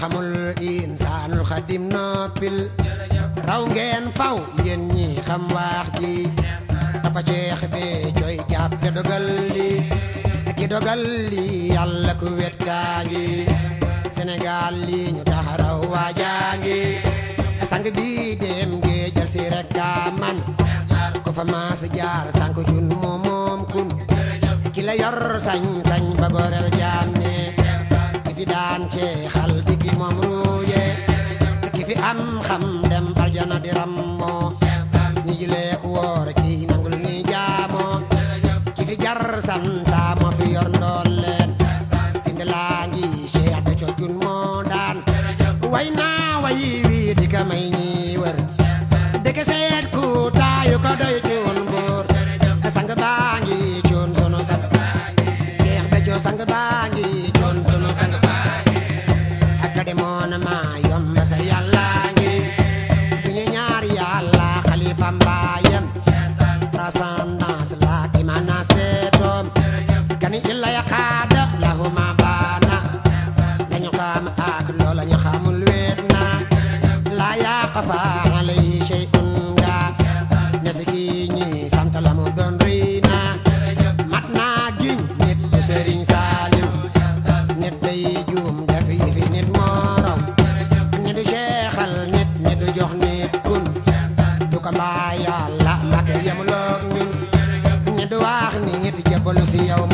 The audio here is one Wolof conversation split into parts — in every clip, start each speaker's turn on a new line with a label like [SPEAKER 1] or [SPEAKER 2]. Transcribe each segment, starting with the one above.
[SPEAKER 1] xamul insaanul xadim noppil raw ngeen faw yéen ñi xam waax ji tapa ceex bi coy jàpp te dogal li ki dogal li yàlla ku wet kaa ngi Sénégal li ñu tax raw waajaa ngi sang bi dem géejal si rek kaa man ko fa maas jaar sànq cun moomoom kun ki yor sañ sañ ba goreel di rammo ñu jilee ku woor ki nangul fi jar santa moo fi yor ndolleen finde laa ngi Cheikh Béthio Thioune moo daan way naa way wi di ka may ñi kani illa ya xaada lahuma baana lañu xam ak loola ñu xamul weet na la yaqa fa alayhi shay'un nga ne si gi ñi sant la doon rëy na mat naa giñ nit bu sëriñ Saaliw nit day juum dafi fi nit morom ni du seexal nit ni du jox nit kun du ko mbaa yàlla maka yemuloog ñun ni du wax nit jëbalu si yow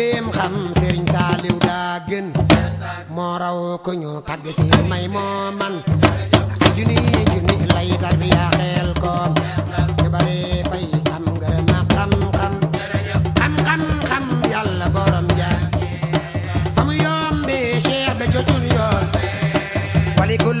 [SPEAKER 1] jéem xam sëriñ saaliw daa moo raw ko ñu tagg si may moo man junni junni lay tarbiya xeel koom ñu bare fay am ngërëm xam-xam xam-xam xam borom ja fa mu yombe cheikh da cocul yoon walikul